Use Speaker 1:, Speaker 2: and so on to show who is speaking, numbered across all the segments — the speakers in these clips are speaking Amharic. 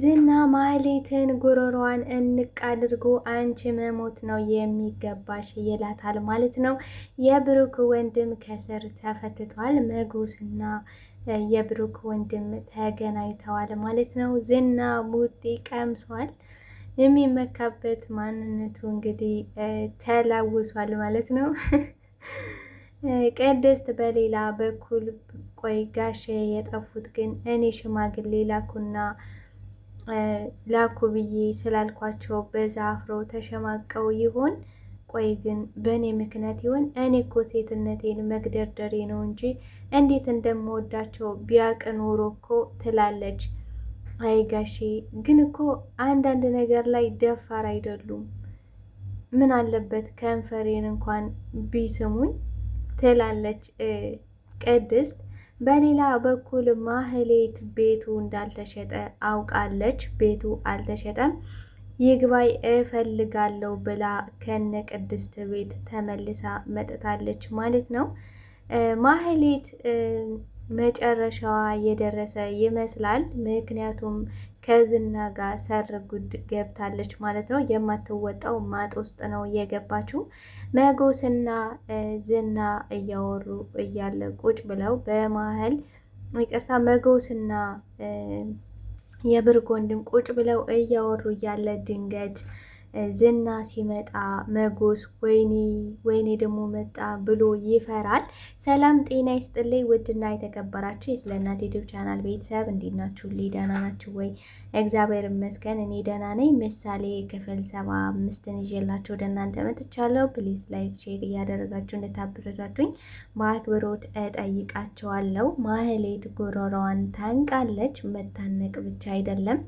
Speaker 1: ዝና ማህሌትን ጉሮሯን እንቅ አድርጎ አንቺ መሞት ነው የሚገባሽ ይላታል ማለት ነው። የብሩክ ወንድም ከስር ተፈትቷል። መጉስና የብሩክ ወንድም ተገናኝተዋል ማለት ነው። ዝና ሙጢ ቀምሷል። የሚመካበት ማንነቱ እንግዲህ ተላውሷል ማለት ነው። ቅድስት በሌላ በኩል ቆይ ጋሼ የጠፉት ግን እኔ ሽማግሌ ላኩና ላኩ ብዬ ስላልኳቸው በዛ አፍረው ተሸማቀው ይሆን? ቆይ ግን በእኔ ምክንያት ይሆን? እኔ እኮ ሴትነቴን መግደርደሬ ነው እንጂ እንዴት እንደምወዳቸው ቢያቅ ኖሮ እኮ ትላለች። አይ ጋሼ ግን እኮ አንዳንድ ነገር ላይ ደፋር አይደሉም። ምን አለበት ከንፈሬን እንኳን ቢስሙኝ ትላለች ቅድስት በሌላ በኩል ማህሌት ቤቱ እንዳልተሸጠ አውቃለች። ቤቱ አልተሸጠም ይግባይ እፈልጋለሁ ብላ ከነ ቅድስት ቤት ተመልሳ መጥታለች ማለት ነው። ማህሌት መጨረሻዋ የደረሰ ይመስላል። ምክንያቱም ከዝና ጋር ሰር ጉድ ገብታለች ማለት ነው። የማትወጣው ማጥ ውስጥ ነው የገባችው። መጎስና ዝና እያወሩ እያለ ቁጭ ብለው በመሀል ይቅርታ፣ መጎስና የብርግ ወንድም ቁጭ ብለው እያወሩ እያለ ድንገት ዝና ሲመጣ መጎስ ወይኔ ወይኔ ደግሞ መጣ ብሎ ይፈራል። ሰላም ጤና ይስጥልኝ ውድና የተከበራችሁ የስለ እናት ዩቲዩብ ቻናል ቤተሰብ እንዴት ናችሁ? ደህና ናችሁ ወይ? እግዚአብሔር ይመስገን እኔ ደህና ነኝ። ምሳሌ ክፍል ሰባ አምስትን ይዤላችሁ ወደ እናንተ መጥቻለሁ። ፕሊዝ ላይክ፣ ሼር እያደረጋችሁ እንድታበረታቱኝ በአክብሮት እጠይቃቸዋለሁ። ማህሌት ጉሮሮዋን ታንቃለች። መታነቅ ብቻ አይደለም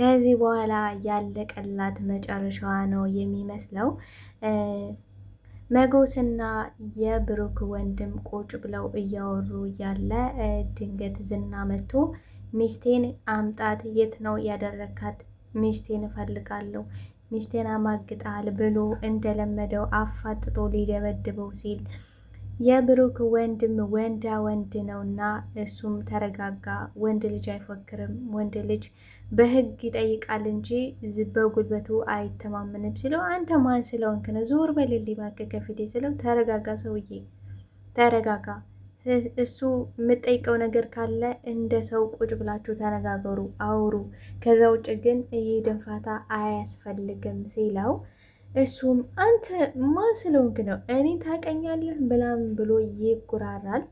Speaker 1: ከዚህ በኋላ ያለቀላት መጨረሻዋ ነው የሚመስለው። መጎስና የብሩክ ወንድም ቁጭ ብለው እያወሩ ያለ ድንገት ዝና መጥቶ ሚስቴን አምጣት፣ የት ነው ያደረካት? ሚስቴን እፈልጋለሁ፣ ሚስቴን አማግጣል ብሎ እንደለመደው አፋጥጦ ሊደበድበው ሲል የብሩክ ወንድም ወንዳ ወንድ ነውና እሱም ተረጋጋ። ወንድ ልጅ አይፎክርም፣ ወንድ ልጅ በህግ ይጠይቃል እንጂ በጉልበቱ አይተማመንም ሲለው አንተ ማን ስለሆንክ ነው? ዞር በሌል ባክ ከፊቴ ስለው ተረጋጋ፣ ሰውዬ ተረጋጋ። እሱ የምጠይቀው ነገር ካለ እንደ ሰው ቁጭ ብላችሁ ተነጋገሩ፣ አውሩ። ከዛ ውጭ ግን ይህ ድንፋታ አያስፈልግም ሲለው እሱም አንተ ማን ስለሆንክ ነው እኔ ታቀኛለህ ብላም ብሎ ይጉራራል።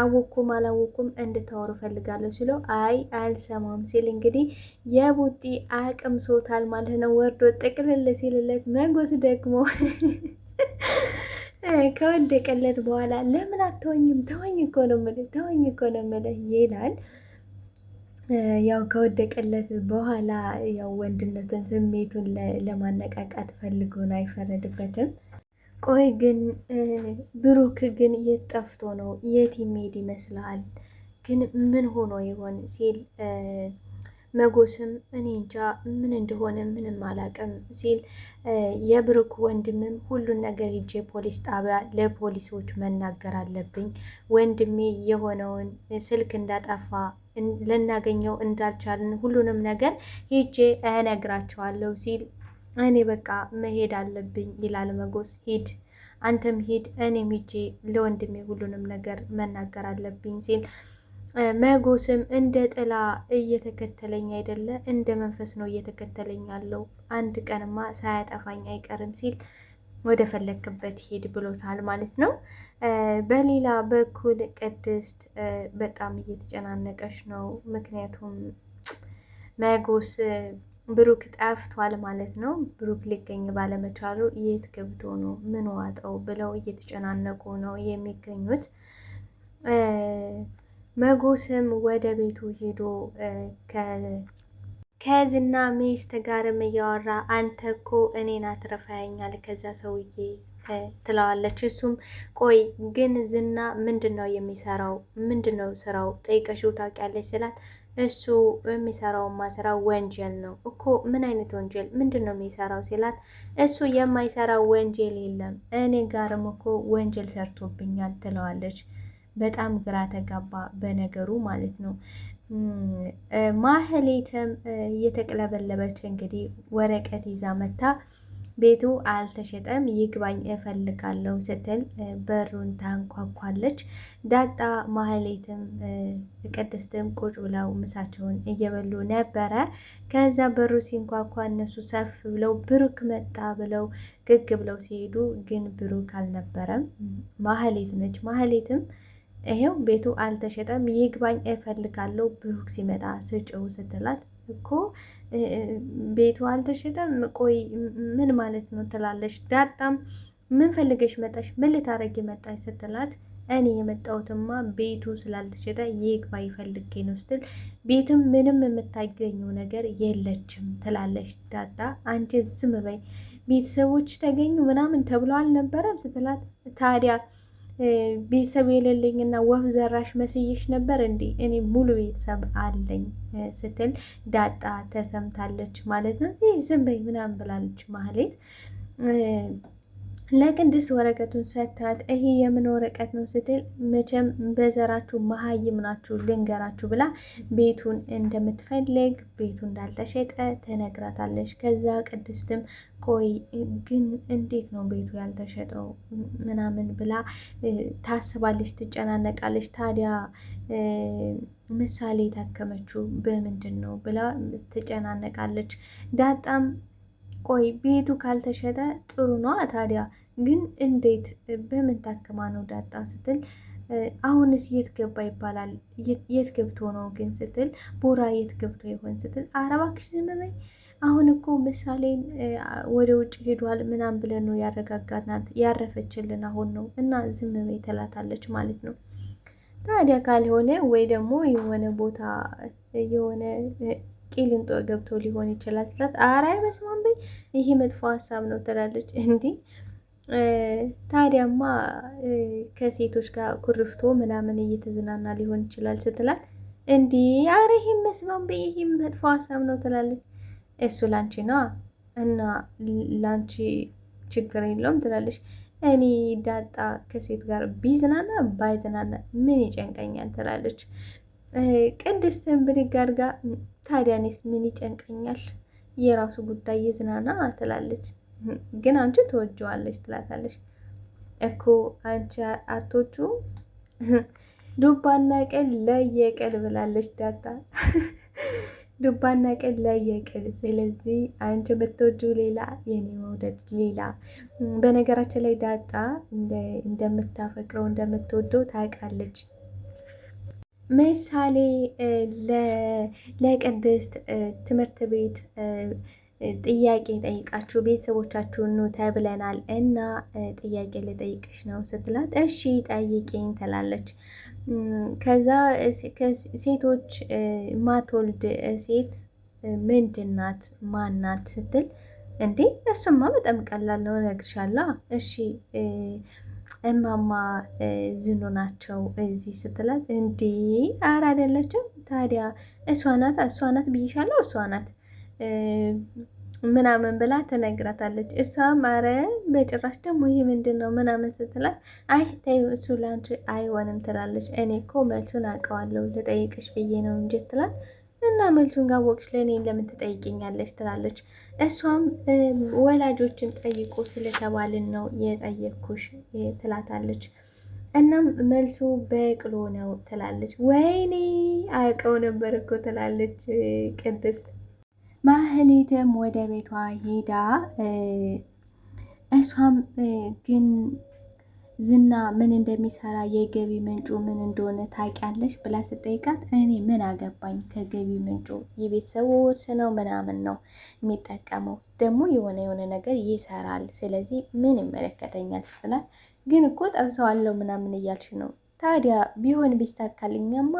Speaker 1: አወኩም አላወኩም እንድታወሩ ፈልጋለሁ ሲለው አይ አልሰማም ሲል እንግዲህ የቡጢ አቅም ሶታል ማለት ነው። ወርዶ ጥቅልል ሲልለት መንጎስ ደግሞ ከወደቀለት በኋላ ለምን አትወኝም? ተወኝ እኮ ነው የምልህ ተወኝ እኮ ነው የምልህ ይላል። ያው ከወደቀለት በኋላ ያው ወንድነቱን ስሜቱን ለማነቃቃት ፈልጎን አይፈረድበትም። ቆይ ግን ብሩክ ግን የት ጠፍቶ ነው? የት የሚሄድ ይመስልሃል? ግን ምን ሆኖ ይሆን ሲል መጎስም እኔ እንጃ ምን እንደሆነ ምንም አላውቅም ሲል የብሩክ ወንድምም ሁሉን ነገር ሄጄ ፖሊስ ጣቢያ ለፖሊሶች መናገር አለብኝ፣ ወንድሜ የሆነውን ስልክ እንዳጠፋ ልናገኘው እንዳልቻልን ሁሉንም ነገር ሄጄ እነግራቸዋለሁ ሲል እኔ በቃ መሄድ አለብኝ ይላል መጎስ። ሂድ አንተም ሂድ፣ እኔም ሄጄ ለወንድሜ ሁሉንም ነገር መናገር አለብኝ ሲል መጎስም እንደ ጥላ እየተከተለኝ አይደለ፣ እንደ መንፈስ ነው እየተከተለኝ ያለው፣ አንድ ቀንማ ሳያጠፋኝ አይቀርም ሲል ወደ ፈለክበት ሂድ ብሎታል ማለት ነው። በሌላ በኩል ቅድስት በጣም እየተጨናነቀች ነው። ምክንያቱም መጎስ ብሩክ ጠፍቷል ማለት ነው። ብሩክ ሊገኝ ባለመቻሉ የት ገብቶ ነው ምን ዋጠው ብለው እየተጨናነቁ ነው የሚገኙት። መጎስም ወደ ቤቱ ሄዶ ከዝና ሚስት ጋርም እያወራ አንተ እኮ እኔን አትረፋያኛል ከዛ ሰውዬ ትለዋለች። እሱም ቆይ ግን ዝና ምንድን ነው የሚሰራው? ምንድን ነው ስራው? ጠይቀሽው ታውቂያለች ስላት እሱ የሚሰራውማ ስራ ወንጀል ነው እኮ። ምን አይነት ወንጀል? ምንድን ነው የሚሰራው ሲላት እሱ የማይሰራው ወንጀል የለም፣ እኔ ጋርም እኮ ወንጀል ሰርቶብኛል ትለዋለች። በጣም ግራ ተጋባ በነገሩ ማለት ነው። ማህሌትም እየተቅለበለበች እንግዲህ ወረቀት ይዛ መታ ቤቱ አልተሸጠም፣ ይግባኝ እፈልጋለሁ ስትል በሩን ታንኳኳለች። ዳጣ ማህሌትም ቅድስትም ቁጭ ብለው ምሳቸውን እየበሉ ነበረ። ከዛ በሩ ሲንኳኳ እነሱ ሰፍ ብለው ብሩክ መጣ ብለው ግግ ብለው ሲሄዱ ግን ብሩክ አልነበረም፣ ማህሌት ነች። ማህሌትም ይሄው ቤቱ አልተሸጠም፣ ይግባኝ እፈልጋለሁ ብሩክ ሲመጣ ስጭው ስትላት እኮ ቤቱ አልተሸጠም፣ ቆይ ምን ማለት ነው ትላለች። ዳጣም ምን ፈልገሽ መጣሽ? ምን ልታረጊ መጣሽ? ስትላት እኔ የመጣሁትማ ቤቱ ስላልተሸጠ ይግባኝ ፈልጌ ነው ስትል ቤትም ምንም የምታገኘው ነገር የለችም ትላለች። ዳጣ አንቺ ዝም በይ ቤተሰቦች ተገኙ ምናምን ተብሎ አልነበረም ስትላት ታዲያ ቤተሰብ የሌለኝና ወፍ ዘራሽ መስየሽ ነበር እንዴ? እኔ ሙሉ ቤተሰብ አለኝ ስትል ዳጣ ተሰምታለች ማለት ነው። ዝም በይ ምናምን ብላለች ማህሌት ለቅድስት ወረቀቱን ሰታት ይሄ የምን ወረቀት ነው ስትል መቼም በዘራችሁ መሀይም ናችሁ ልንገራችሁ ብላ ቤቱን እንደምትፈልግ ቤቱ እንዳልተሸጠ ትነግራታለች። ከዛ ቅድስትም ቆይ ግን እንዴት ነው ቤቱ ያልተሸጠው ምናምን ብላ ታስባለች፣ ትጨናነቃለች። ታዲያ ምሳሌ የታከመችው በምንድን ነው ብላ ትጨናነቃለች። ዳጣም ቆይ ቤቱ ካልተሸጠ ጥሩ ነው ታዲያ ግን እንዴት በምን ታክማ ነው ዳጣ ስትል አሁንስ የት ገባ ይባላል የት ገብቶ ነው ግን ስትል ቦራ የት ገብቶ ይሆን ስትል ኧረ እባክሽ ዝም በይ አሁን እኮ ምሳሌን ወደ ውጭ ሄዷል ምናምን ብለን ነው ያረጋጋናት ያረፈችልን አሁን ነው እና ዝም በይ ትላታለች ማለት ነው ታዲያ ካልሆነ ወይ ደግሞ የሆነ ቦታ የሆነ ቂሊንጦ ገብቶ ሊሆን ይችላል ስላት፣ አራይ በስመ በይ ይህ መጥፎ ሀሳብ ነው ትላለች። እንዲህ ታዲያማ ከሴቶች ጋር ኩርፍቶ ምናምን እየተዝናና ሊሆን ይችላል ስትላት፣ እንዲህ አረ ይህም በስመ በይ ይህ መጥፎ ሀሳብ ነው ትላለች። እሱ ላንቺ ነዋ እና ላንቺ ችግር የለውም ትላለች። እኔ ዳጣ ከሴት ጋር ቢዝናና ባይዝናና ምን ይጨንቀኛል ትላለች። ቅድስትን ብድግ አድርጋ ታዲያ እኔስ ምን ይጨንቀኛል የራሱ ጉዳይ ይዝናና ትላለች። ግን አንቺ ትወጂዋለሽ ትላታለች። እኮ አንቺ አቶቹ ዱባና ቅል ለየቅል ብላለች ዳታ ዱባና ቅል ለየቅል። ስለዚህ አንቺ ምትወጁ ሌላ፣ የኔ መውደድ ሌላ። በነገራችን ላይ ዳታ እንደምታፈቅረው እንደምትወደው ታውቃለች። ምሳሌ ለቅድስት ትምህርት ቤት ጥያቄ ጠይቃችሁ ቤተሰቦቻችሁን ኑ ተብለናል እና ጥያቄ ልጠይቅሽ ነው ስትላት እሺ ጠይቄኝ ትላለች። ከዛ ሴቶች ማትወልድ ሴት ምንድናት ማናት ስትል እንዴ እሱማ በጣም ቀላል ነው እነግርሻለሁ እሺ እማማ ዝኑ ናቸው እዚህ ስትላት፣ እንዴ አረ አይደለችም ታዲያ እሷ ናት እሷ ናት እሷ ናት ምናምን ብላ ትነግራታለች። እሷም አረ በጭራሽ ደግሞ ይህ ምንድን ነው ምናምን ስትላት፣ አይ ተይው እሱ ላንቺ አይሆንም ትላለች። እኔ እኮ መልሱን አውቀዋለሁ ልጠይቅሽ ብዬ ነው እንጂ ትላት እና መልሱን ካወቅሽ ለእኔን ለምን ትጠይቅኛለች ትላለች። እሷም ወላጆችን ጠይቁ ስለተባልን ነው የጠየቅኩሽ ትላታለች። እናም መልሱ በቅሎ ነው ትላለች። ወይኔ አውቀው ነበር እኮ ትላለች ቅድስት። ማህሌትም ወደ ቤቷ ሄዳ እሷም ግን ዝና ምን እንደሚሰራ የገቢ ምንጩ ምን እንደሆነ ታውቂያለሽ ብላ ስጠይቃት እኔ ምን አገባኝ ከገቢ ምንጩ የቤተሰቡ ውርስ ነው ምናምን ነው የሚጠቀመው ደግሞ የሆነ የሆነ ነገር ይሰራል ስለዚህ ምን ይመለከተኛል ስትላት ግን እኮ ጠብሰዋለው ምናምን እያልሽ ነው ታዲያ ቢሆን ቢስተካልኛማ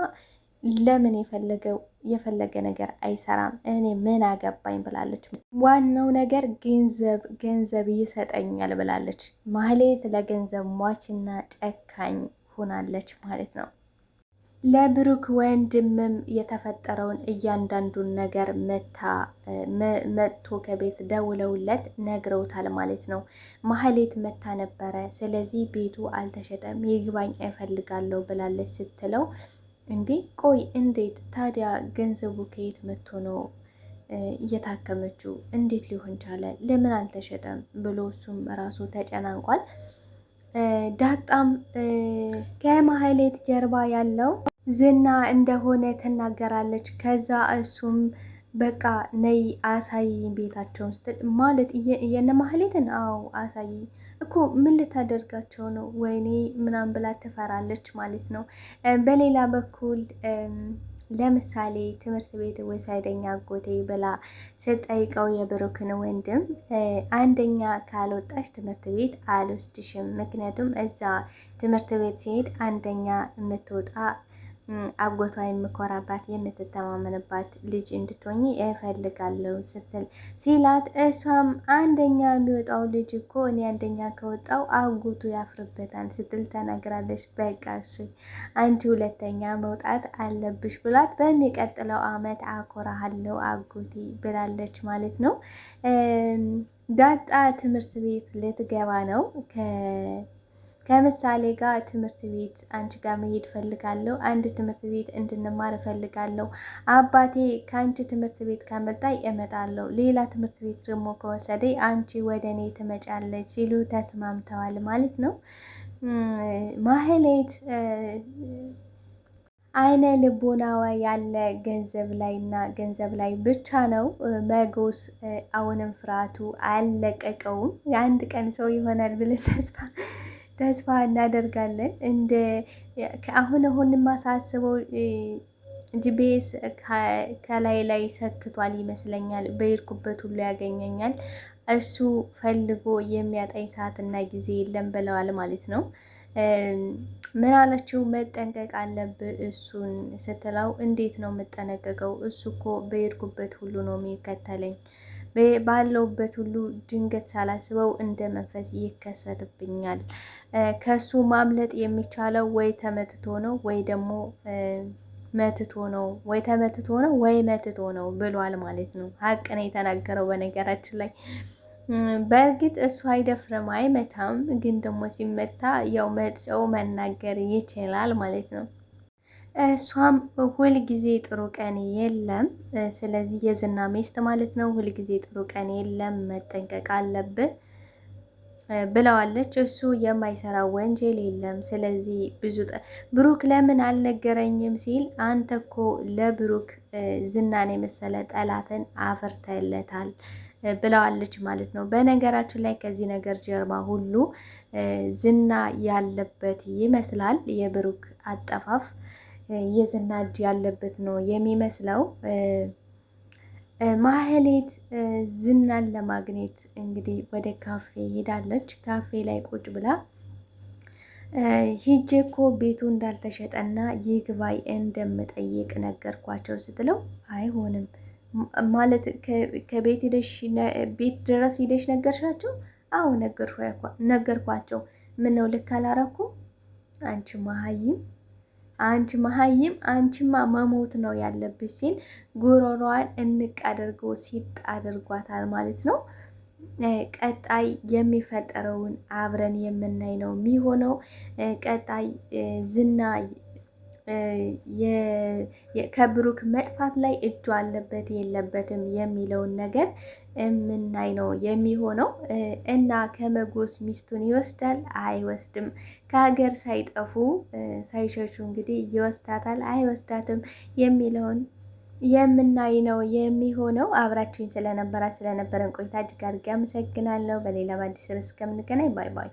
Speaker 1: ለምን የፈለገው የፈለገ ነገር አይሰራም፣ እኔ ምን አገባኝ ብላለች። ዋናው ነገር ገንዘብ ገንዘብ ይሰጠኛል ብላለች። ማህሌት ለገንዘብ ሟችና ጨካኝ ሆናለች ማለት ነው። ለብሩክ ወንድምም የተፈጠረውን እያንዳንዱን ነገር መታ መጥቶ ከቤት ደውለውለት ነግረውታል ማለት ነው። ማህሌት መታ ነበረ። ስለዚህ ቤቱ አልተሸጠም፣ ይግባኝ እፈልጋለሁ ብላለች ስትለው እንዴ ቆይ እንዴት ታዲያ ገንዘቡ ከየት መጥቶ ነው እየታከመችው እንዴት ሊሆን ቻለ? ለምን አልተሸጠም? ብሎ እሱም ራሱ ተጨናንቋል። ዳጣም ከማህሌት ጀርባ ያለው ዝና እንደሆነ ትናገራለች። ከዛ እሱም በቃ ነይ አሳይ ቤታቸውን ስትል ማለት የነ ማህሌትን አዎ እኮ ምን ልታደርጋቸው ነው ወይኔ ምናምን ብላ ትፈራለች ማለት ነው። በሌላ በኩል ለምሳሌ ትምህርት ቤት ወሰደኝ አጎቴ ብላ ስጠይቀው የብሩክን ወንድም አንደኛ ካልወጣሽ ትምህርት ቤት አልወስድሽም፣ ምክንያቱም እዛ ትምህርት ቤት ሲሄድ አንደኛ የምትወጣ አጎቷ የምኮራባት የምትተማመንባት ልጅ እንድትሆኝ እፈልጋለሁ ስትል ሲላት፣ እሷም አንደኛ የሚወጣው ልጅ እኮ እኔ አንደኛ ከወጣው አጎቱ ያፍርበታል ስትል ተናግራለች። በቃሽ አንቺ ሁለተኛ መውጣት አለብሽ ብሏት፣ በሚቀጥለው አመት አኮራሃለሁ አጎቴ ብላለች ማለት ነው። ዳጣ ትምህርት ቤት ልትገባ ነው። ከምሳሌ ጋር ትምህርት ቤት አንቺ ጋር መሄድ እፈልጋለሁ። አንድ ትምህርት ቤት እንድንማር እፈልጋለሁ። አባቴ ከአንቺ ትምህርት ቤት ካመጣኝ እመጣለሁ። ሌላ ትምህርት ቤት ደግሞ ከወሰደ አንቺ ወደ እኔ ትመጫለች ሲሉ ተስማምተዋል ማለት ነው። ማህሌት አይነ ልቦናዋ ያለ ገንዘብ ላይ እና ገንዘብ ላይ ብቻ ነው። መጎስ አሁንም ፍርሃቱ አልለቀቀውም። የአንድ ቀን ሰው ይሆናል ብለን ተስፋ ተስፋ እናደርጋለን። እንደ አሁን አሁን የማሳስበው ጂፒኤስ ከላይ ላይ ሰክቷል ይመስለኛል። በሄድኩበት ሁሉ ያገኘኛል። እሱ ፈልጎ የሚያጣኝ ሰዓትና ጊዜ የለም ብለዋል ማለት ነው። ምን አለችው? መጠንቀቅ አለብህ እሱን ስትለው፣ እንዴት ነው የምጠነቀቀው? እሱ እኮ በሄድኩበት ሁሉ ነው የሚከተለኝ ባለውበት ሁሉ ድንገት ሳላስበው እንደ መንፈስ ይከሰትብኛል። ከሱ ማምለጥ የሚቻለው ወይ ተመትቶ ነው ወይ ደግሞ መትቶ ነው ወይ ተመትቶ ነው ወይ መትቶ ነው ብሏል ማለት ነው። ሀቅ ነው የተናገረው በነገራችን ላይ በእርግጥ እሱ አይደፍርም አይመታም፣ ግን ደግሞ ሲመታ ያው መጥጨው መናገር ይችላል ማለት ነው። እሷም ሁልጊዜ ጥሩ ቀን የለም። ስለዚህ የዝና ሚስት ማለት ነው፣ ሁልጊዜ ጥሩ ቀን የለም፣ መጠንቀቅ አለብህ ብለዋለች። እሱ የማይሰራ ወንጀል የለም። ስለዚህ ብዙ ብሩክ ለምን አልነገረኝም ሲል አንተ እኮ ለብሩክ ዝናን የመሰለ ጠላትን አፍርተለታል ብለዋለች ማለት ነው። በነገራችን ላይ ከዚህ ነገር ጀርባ ሁሉ ዝና ያለበት ይመስላል የብሩክ አጠፋፍ የዝና እጅ ያለበት ነው የሚመስለው። ማህሌት ዝናን ለማግኘት እንግዲህ ወደ ካፌ ሄዳለች። ካፌ ላይ ቁጭ ብላ ሂጄ እኮ ቤቱ እንዳልተሸጠና ይግባይ እንደምጠይቅ ነገርኳቸው ስትለው አይሆንም ማለት ከቤት ቤት ድረስ ሂደሽ ነገርሻቸው? አዎ ነገርኳቸው። ነው ልክ አላረኩ አንቺ መሀይም አንቺ መሀይም አንቺማ መሞት ነው ያለብሽ ሲል ጉሮሯዋን እንቅ አድርጎ ሲጥ አድርጓታል ማለት ነው። ቀጣይ የሚፈጠረውን አብረን የምናይ ነው የሚሆነው። ቀጣይ ዝና ከብሩክ መጥፋት ላይ እጁ አለበት የለበትም የሚለውን ነገር የምናይ ነው የሚሆነው እና ከመጎስ ሚስቱን ይወስዳል አይወስድም? ከሀገር ሳይጠፉ ሳይሸሹ እንግዲህ ይወስዳታል አይወስዳትም የሚለውን የምናይ ነው የሚሆነው። አብራችሁኝ ስለነበራ ስለነበረን ቆይታ እጅግ አድርጌ አመሰግናለሁ። በሌላ በአዲስ ርዕስ እስከምንገናኝ ባይ ባይ።